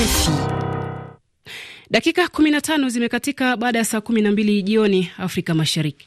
RFI. Dakika 15 zimekatika baada ya saa 12 jioni Afrika Mashariki.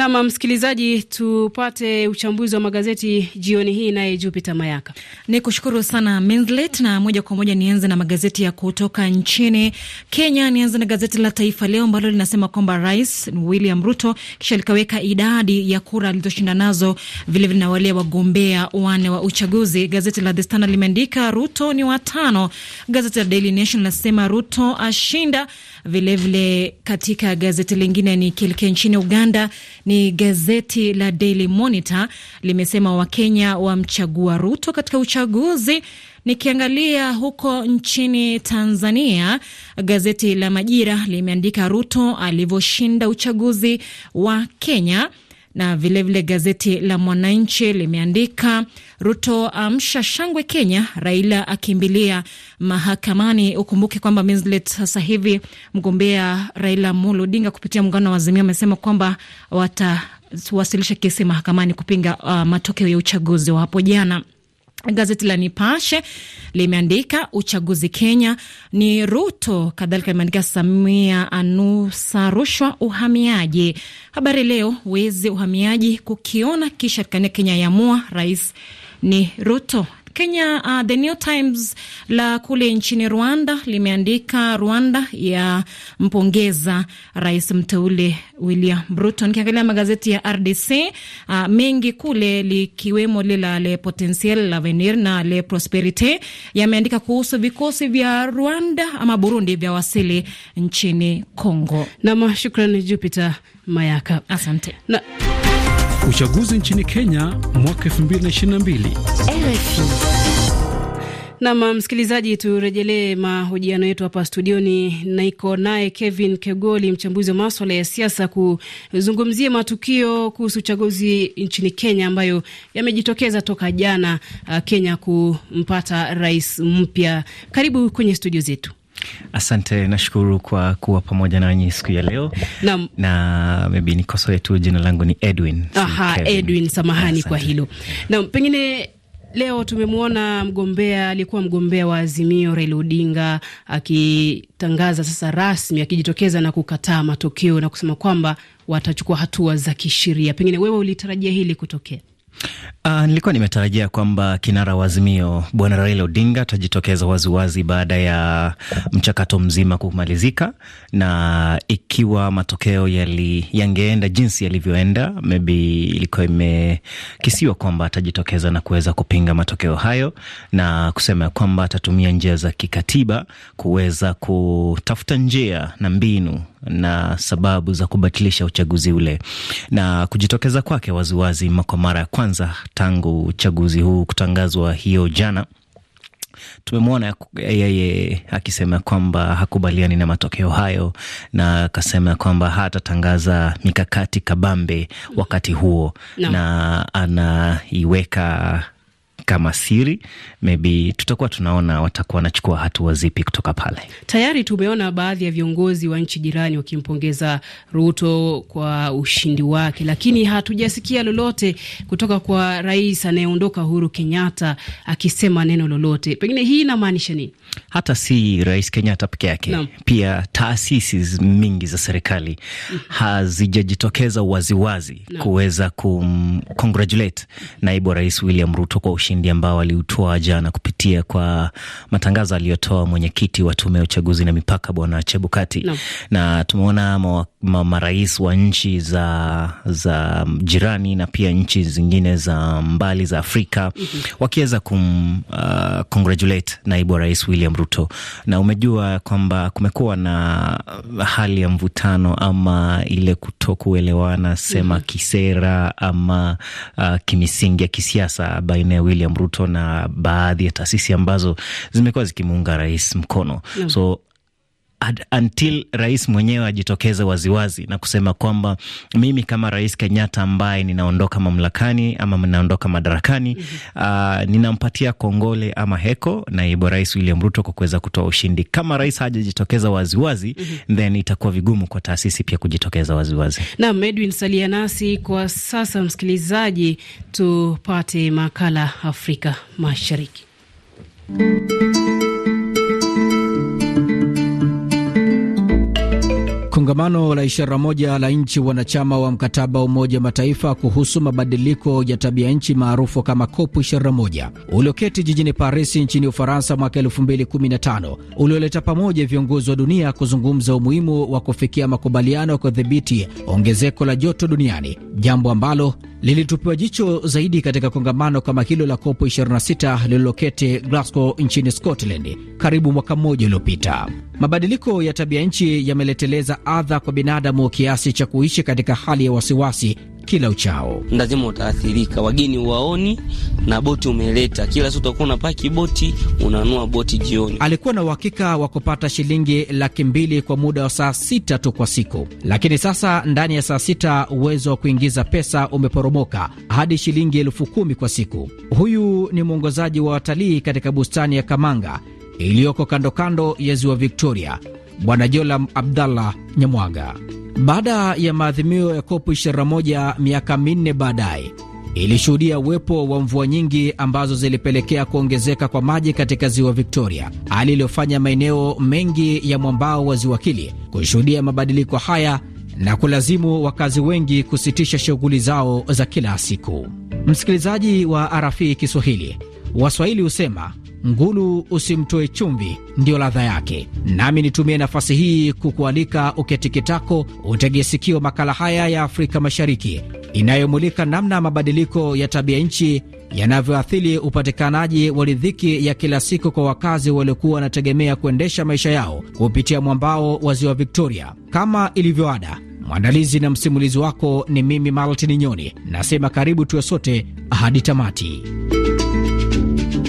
Nam msikilizaji, tupate uchambuzi wa magazeti jioni hii, naye Jupiter Mayaka. Ni kushukuru sana Mindlet, na moja kwa moja nianze na magazeti ya kutoka nchini Kenya. Nianze na gazeti la Taifa Leo ambalo linasema kwamba Rais William Ruto kisha likaweka idadi ya kura alizoshinda nazo vilevile na wale wagombea wane wa uchaguzi. Gazeti la The Standard limeandika Ruto ni watano. Gazeti la Daily Nation linasema Ruto ashinda vilevile. Katika gazeti lingine ni kilike nchini Uganda ni gazeti la Daily Monitor limesema Wakenya wamchagua Ruto katika uchaguzi. Nikiangalia huko nchini Tanzania, gazeti la Majira limeandika Ruto alivyoshinda uchaguzi wa Kenya na vilevile vile gazeti la Mwananchi limeandika Ruto amsha shangwe Kenya, Raila akimbilia mahakamani. Ukumbuke kwamba sasa hivi mgombea Raila Amolo Odinga kupitia muungano wa Azimio amesema kwamba watawasilisha kesi mahakamani kupinga uh, matokeo ya uchaguzi wa hapo jana. Gazeti la Nipashe limeandika uchaguzi Kenya ni Ruto, kadhalika limeandika Samia anusa rushwa uhamiaji. Habari Leo wezi uhamiaji kukiona kisha kania Kenya yamua rais ni Ruto. Kenya, uh, The New Times la kule nchini Rwanda limeandika Rwanda ya mpongeza rais mteule William Ruto. Nikiangalia magazeti ya RDC uh, mengi kule likiwemo lile la Le Potentiel, L'Avenir na Le Prosperite yameandika kuhusu vikosi vya Rwanda ama Burundi vya wasili nchini Congo. Nam, shukrani Jupiter Mayaka, asante na uchaguzi nchini Kenya mwaka 2022. Nam msikilizaji, turejelee mahojiano yetu hapa studioni. Niko naye Kevin Kegoli, mchambuzi wa maswala ya siasa, kuzungumzia matukio kuhusu uchaguzi nchini Kenya ambayo yamejitokeza toka jana, uh, Kenya kumpata rais mpya. Karibu kwenye studio zetu. Asante, nashukuru kwa kuwa pamoja nanyi siku ya leo na, na maybe nikosoe tu, jina langu ni Edwin. Aha, Edwin, samahani asante kwa hilo. nam pengine leo tumemwona mgombea aliyekuwa mgombea wa Azimio Raila Odinga akitangaza sasa rasmi, akijitokeza na kukataa matokeo na kusema kwamba watachukua hatua za kisheria. Pengine wewe ulitarajia hili kutokea? Uh, nilikuwa nimetarajia kwamba kinara wa Azimio Bwana Raila Odinga atajitokeza waziwazi baada ya mchakato mzima kumalizika, na ikiwa matokeo yali yangeenda jinsi yalivyoenda, maybe ilikuwa imekisiwa kwamba atajitokeza na kuweza kupinga matokeo hayo na kusema kwamba atatumia njia za kikatiba kuweza kutafuta njia na mbinu na sababu za kubatilisha uchaguzi ule, na kujitokeza kwake waziwazi kwa mara ya kwanza tangu uchaguzi huu kutangazwa hiyo jana. Tumemwona yeye akisema kwamba hakubaliani na matokeo hayo, na akasema kwamba hatatangaza mikakati kabambe wakati huo no. na anaiweka kama siri, maybe tutakuwa tunaona watakuwa wanachukua hatua zipi kutoka pale. Tayari tumeona baadhi ya viongozi wa nchi jirani wakimpongeza Ruto kwa ushindi wake, lakini hatujasikia lolote kutoka kwa rais anayeondoka Uhuru Kenyatta akisema neno lolote. Pengine hii inamaanisha nini? Hata si rais Kenyatta peke yake no. Pia taasisi mingi za serikali mm -hmm. hazijajitokeza waziwazi no. kuweza kumcongratulate naibu rais William Ruto kwa ushindi ushindi ambao aliutoa jana kupitia kwa matangazo aliyotoa mwenyekiti wa tume ya uchaguzi na mipaka Bwana Chebukati no. na tumeona marais wa nchi za, za jirani na pia nchi zingine za mbali za Afrika mm -hmm. wakiweza kum uh, congratulate naibu wa rais William Ruto, na umejua kwamba kumekuwa na hali ya mvutano ama ile kutokuelewana sema mm -hmm. kisera ama uh, kimisingi ya kisiasa baina ya William Ruto na baadhi ya taasisi ambazo zimekuwa zikimuunga rais mkono. Mm. So until rais mwenyewe ajitokeze waziwazi na kusema kwamba mimi kama Rais Kenyatta ambaye ninaondoka mamlakani ama ninaondoka madarakani mm -hmm. uh, ninampatia kongole ama heko naibu Rais William Ruto kwa kuweza kutoa ushindi. Kama rais hajajitokeza waziwazi mm -hmm. then itakuwa vigumu kwa taasisi pia kujitokeza waziwazi. Naam, Edwin, salia nasi kwa sasa, msikilizaji, tupate makala Afrika Mashariki Kongamano la ishara moja la nchi wanachama wa mkataba wa Umoja Mataifa kuhusu mabadiliko ya tabia nchi maarufu kama COP 21 ulioketi jijini Paris nchini Ufaransa mwaka 2015 ulioleta pamoja viongozi wa dunia kuzungumza umuhimu wa kufikia makubaliano ya kudhibiti ongezeko la joto duniani, jambo ambalo lilitupiwa jicho zaidi katika kongamano kama hilo la COP 26 lililoketi Glasgow nchini Scotland karibu mwaka mmoja uliopita. Mabadiliko ya tabia nchi yameleteleza adha kwa binadamu kiasi cha kuishi katika hali ya wasiwasi kila uchao. Lazima utaathirika, wageni waoni na boti umeleta kila siku, utakuwa unapaki boti, unanua boti jioni. Alikuwa na uhakika wa kupata shilingi laki mbili kwa muda wa saa sita tu kwa siku, lakini sasa ndani ya saa sita uwezo wa kuingiza pesa umeporomoka hadi shilingi elfu kumi kwa siku. Huyu ni mwongozaji wa watalii katika bustani ya Kamanga iliyoko kando kando ya ziwa Victoria Bwana Jolam Abdallah Nyamwaga. Baada ya maadhimio ya kopu 21 miaka minne baadaye ilishuhudia uwepo wa mvua nyingi ambazo zilipelekea kuongezeka kwa maji katika ziwa Victoria, hali iliyofanya maeneo mengi ya mwambao wa ziwa hili kushuhudia mabadiliko haya na kulazimu wakazi wengi kusitisha shughuli zao za kila siku. Msikilizaji wa RFI Kiswahili, Waswahili husema ngulu usimtoe chumvi, ndiyo ladha yake. Nami nitumie nafasi hii kukualika uketi kitako, utege sikio makala haya ya Afrika Mashariki inayomulika namna mabadiliko ya tabia nchi yanavyoathiri upatikanaji wa ridhiki ya kila siku kwa wakazi waliokuwa wanategemea kuendesha maisha yao kupitia mwambao wa ziwa Victoria. Kama ilivyoada, mwandalizi na msimulizi wako ni mimi Maltini Nyoni, nasema karibu tuwe sote hadi tamati.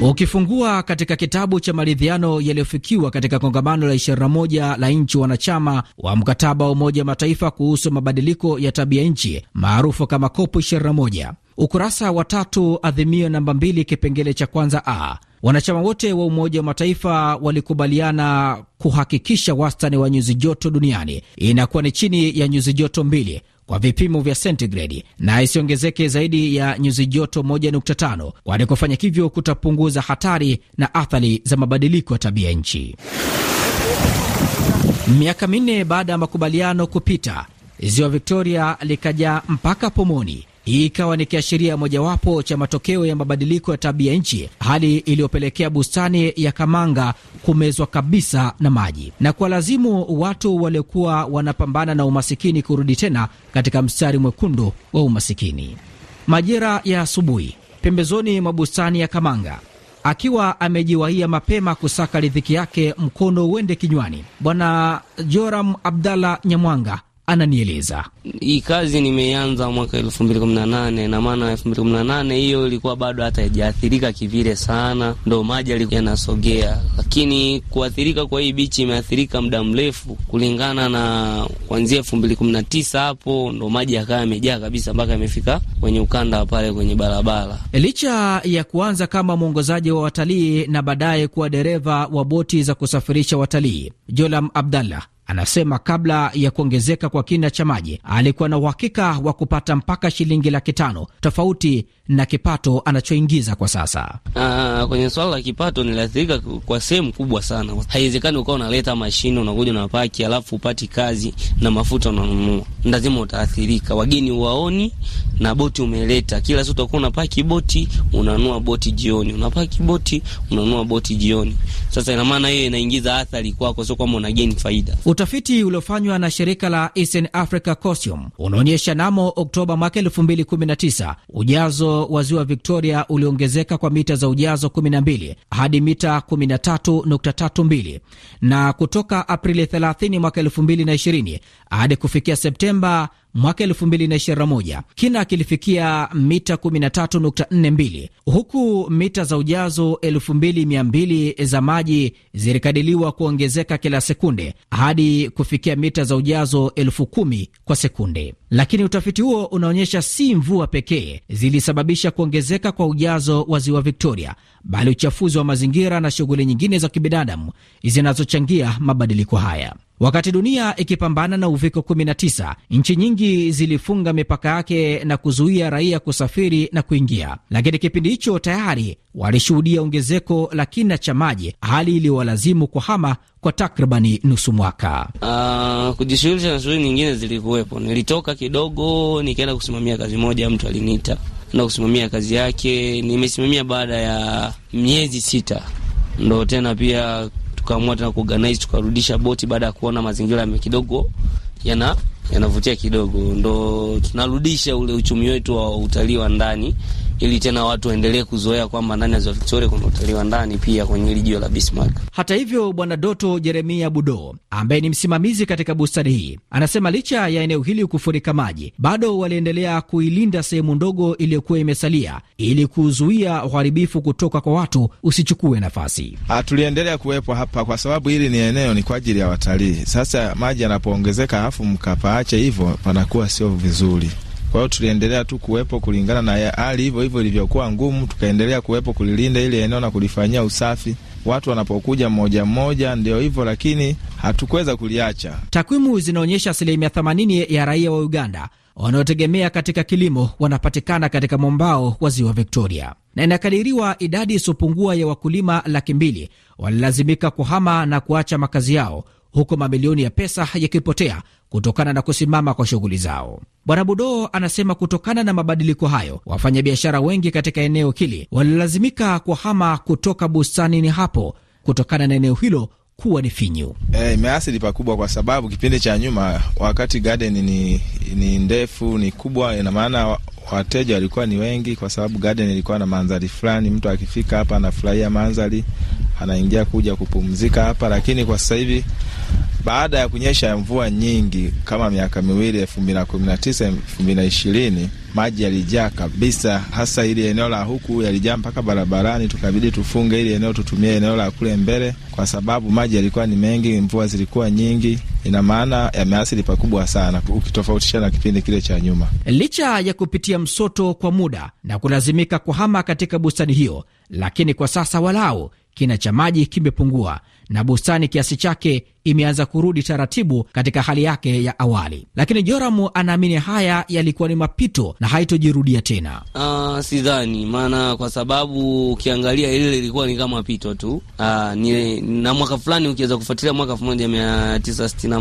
Ukifungua katika kitabu cha maridhiano yaliyofikiwa katika kongamano la 21 la nchi wanachama wa mkataba wa Umoja wa Mataifa kuhusu mabadiliko ya tabia nchi maarufu kama kopo 21 ukurasa wa tatu adhimio namba mbili kipengele cha kwanza a wanachama wote wa Umoja wa Mataifa walikubaliana kuhakikisha wastani wa nyuzi joto duniani inakuwa ni chini ya nyuzi joto mbili kwa vipimo vya sentigredi na isiongezeke zaidi ya nyuzi joto 1.5 kwani kufanya hivyo kutapunguza hatari na athari za mabadiliko ya tabia nchi. Miaka minne baada ya makubaliano kupita, ziwa Victoria likajaa mpaka pomoni hii ikawa ni kiashiria mojawapo cha matokeo ya mabadiliko ya tabia nchi, hali iliyopelekea bustani ya Kamanga kumezwa kabisa na maji na kwa lazimu watu waliokuwa wanapambana na umasikini kurudi tena katika mstari mwekundu wa umasikini. Majira ya asubuhi, pembezoni mwa bustani ya Kamanga, akiwa amejiwahia mapema kusaka riziki yake, mkono uende kinywani, Bwana Joram Abdallah Nyamwanga Ananieleza hii kazi nimeanza mwaka elfu mbili kumi na nane na maana elfu mbili kumi na nane hiyo ilikuwa bado hata haijaathirika kivile sana, ndo maji yalikuwa yanasogea, lakini kuathirika kwa hii bichi imeathirika muda mrefu, kulingana na kuanzia elfu mbili kumi na tisa hapo ndo maji yakawa yamejaa kabisa mpaka yamefika kwenye ukanda wa pale kwenye barabara. Licha ya kuanza kama mwongozaji wa watalii na baadaye kuwa dereva wa boti za kusafirisha watalii, Jolam Abdallah Anasema kabla ya kuongezeka kwa kina cha maji alikuwa na uhakika wa kupata mpaka shilingi laki tano tofauti na kipato anachoingiza kwa sasa. Aa, ah, kwenye swala la kipato niliathirika kwa sehemu kubwa sana. Haiwezekani ukawa unaleta mashine unakuja na paki alafu upati kazi na mafuta unanunua, lazima utaathirika. Wageni waoni na boti umeleta kila siku, utakuwa unapaki boti unanua boti jioni, unapaki boti unanua boti jioni. Sasa ina maana hiyo inaingiza athari kwako, sio kwamba unageni faida. Utafiti uliofanywa na shirika la Eastern Africa Consortium unaonyesha namo Oktoba mwaka 2019 ujazo wa ziwa Victoria uliongezeka kwa mita za ujazo 12 hadi mita 13.32 na kutoka Aprili 30 mwaka 2020 hadi kufikia Septemba mwaka 2021 kina kilifikia mita 13.42 huku mita za ujazo 2200 za maji zilikadiliwa kuongezeka kila sekunde hadi kufikia mita za ujazo elfu kwa sekunde. Lakini utafiti huo unaonyesha si mvua pekee zilisababisha kuongezeka kwa ujazo wa ziwa Victoria, bali uchafuzi wa mazingira na shughuli nyingine za kibinadamu zinazochangia mabadiliko haya. Wakati dunia ikipambana na uviko 19, nchi nyingi zilifunga mipaka yake na kuzuia raia kusafiri na kuingia, lakini kipindi hicho tayari walishuhudia ongezeko la kina cha maji, hali iliyowalazimu kuhama kwa takribani nusu mwaka. Uh, kujishughulisha na shughuli nyingine zilikuwepo. Nilitoka kidogo nikaenda kusimamia kazi moja, mtu aliniita na kusimamia kazi yake. Nimesimamia baada ya miezi sita, ndo tena pia tukaamua tena kuorganize, tukarudisha boti baada ya kuona mazingira kidogo yana yanavutia kidogo, ndo tunarudisha ule uchumi wetu wa utalii wa ndani ili tena watu waendelee kuzoea kwamba ndani ya ziwa Victoria kuna utalii wa ndani pia kwenye hili jiwe la Bismarck. Hata hivyo, Bwana Doto Jeremia Budo ambaye ni msimamizi katika bustani hii anasema licha ya eneo hili kufurika maji, bado waliendelea kuilinda sehemu ndogo iliyokuwa imesalia ili kuzuia uharibifu kutoka kwa watu usichukue nafasi. Ah, tuliendelea kuwepo hapa kwa sababu hili ni eneo ni kwa ajili ya watalii. Sasa maji yanapoongezeka, alafu mkapaache hivyo, panakuwa sio vizuri. Kwa hiyo tuliendelea tu kuwepo kulingana na hali hivyo hivyo ilivyokuwa ngumu, tukaendelea kuwepo kulilinda ili eneo na kulifanyia usafi watu wanapokuja mmoja mmoja, ndio hivyo, lakini hatukuweza kuliacha. Takwimu zinaonyesha asilimia 80 ya raia wa Uganda wanaotegemea katika kilimo wanapatikana katika mwambao wa ziwa Victoria, na inakadiriwa idadi isiyopungua ya wakulima laki mbili walilazimika kuhama na kuacha makazi yao huku mamilioni ya pesa yakipotea kutokana na kusimama kwa shughuli zao. Bwana budo anasema kutokana na mabadiliko hayo, wafanyabiashara wengi katika eneo hili walilazimika kuhama kutoka bustanini hapo kutokana na eneo hilo kuwa ni finyu. E, pakubwa kwa sababu kipindi cha nyuma wakati garden ni, ni ndefu ni kubwa, ina maana wateja walikuwa ni wengi, kwa sababu garden ilikuwa na mandhari fulani. Mtu akifika hapa anafurahia mandhari, anaingia kuja kupumzika hapa, lakini kwa sasa hivi baada ya kunyesha mvua nyingi kama miaka miwili elfu mbili na kumi na tisa elfu mbili na ishirini maji yalijaa kabisa, hasa ili eneo la huku yalijaa mpaka barabarani, tukabidi tufunge ili eneo tutumie eneo la kule mbele, kwa sababu maji yalikuwa ni mengi, mvua zilikuwa nyingi. Ina maana yameathiri pakubwa sana, ukitofautisha na kipindi kile cha nyuma. Licha ya kupitia msoto kwa muda na kulazimika kuhama katika bustani hiyo, lakini kwa sasa walau kina cha maji kimepungua na bustani kiasi chake imeanza kurudi taratibu katika hali yake ya awali, lakini Joramu anaamini haya yalikuwa ni mapito na haitojirudia tena. Uh, sidhani maana, kwa sababu ukiangalia ile ilikuwa ni kama pito tu. Uh, ni, na mwaka fulani ukiweza kufuatilia mwaka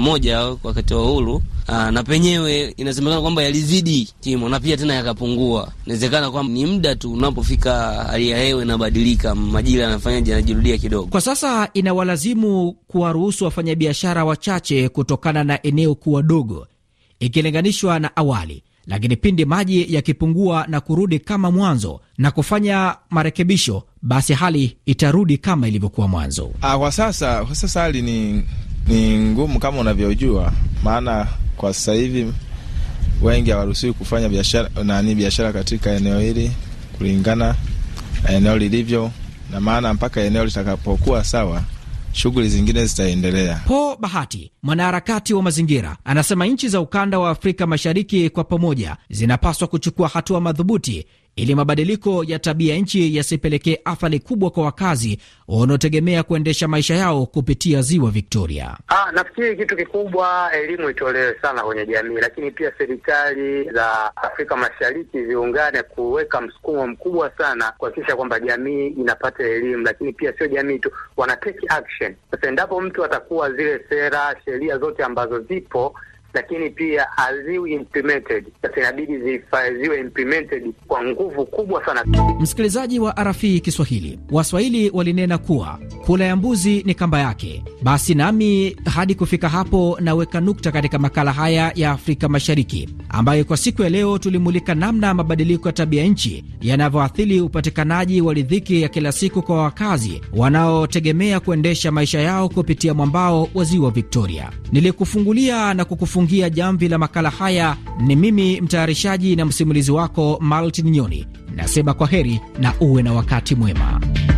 moja wakati wa uhuru ah, na penyewe inasemekana kwamba yalizidi kimo na pia tena yakapungua. Inawezekana kwamba ni muda tu unapofika hali ya hewa inabadilika, majira yanafanyaje, yanajirudia kidogo. Kwa sasa inawala imewalazimu kuwaruhusu wafanyabiashara wachache kutokana na eneo kuwa dogo ikilinganishwa na awali, lakini pindi maji yakipungua na kurudi kama mwanzo na kufanya marekebisho, basi hali itarudi kama ilivyokuwa mwanzo. Ah, kwa sasa kwa sasa hali ni, ni ngumu kama unavyojua, maana kwa sasa hivi wengi hawaruhusiwi kufanya biashara nani biashara katika eneo hili kulingana na eneo lilivyo, na maana mpaka eneo litakapokuwa sawa shughuli zingine zitaendelea. Po Bahati, mwanaharakati wa mazingira, anasema nchi za ukanda wa Afrika Mashariki kwa pamoja zinapaswa kuchukua hatua madhubuti ili mabadiliko ya tabia nchi yasipelekee athari kubwa kwa wakazi wanaotegemea kuendesha maisha yao kupitia ziwa Victoria. Ah, nafikiri kitu kikubwa elimu itolewe sana kwenye jamii, lakini pia serikali za Afrika Mashariki ziungane kuweka msukumo mkubwa sana kuhakikisha kwamba jamii inapata elimu, lakini pia sio jamii tu, wanatake action. Sasa endapo mtu atakuwa zile sera, sheria zote ambazo zipo lakini pia haziwi implemented. inabidi ziwe implemented kwa nguvu kubwa sana. Msikilizaji wa RFI Kiswahili, Waswahili walinena kuwa kula ya mbuzi ni kamba yake. Basi nami hadi kufika hapo naweka nukta katika makala haya ya Afrika Mashariki, ambayo kwa siku ya leo tulimulika namna mabadiliko ya tabia nchi yanavyoathiri upatikanaji wa ridhiki ya kila siku kwa wakazi wanaotegemea kuendesha maisha yao kupitia mwambao wa ziwa Victoria. Nilikufungulia na kukufungulia kufungia jamvi la makala haya ni mimi mtayarishaji na msimulizi wako Maltin Nyoni, nasema kwa heri na uwe na wakati mwema.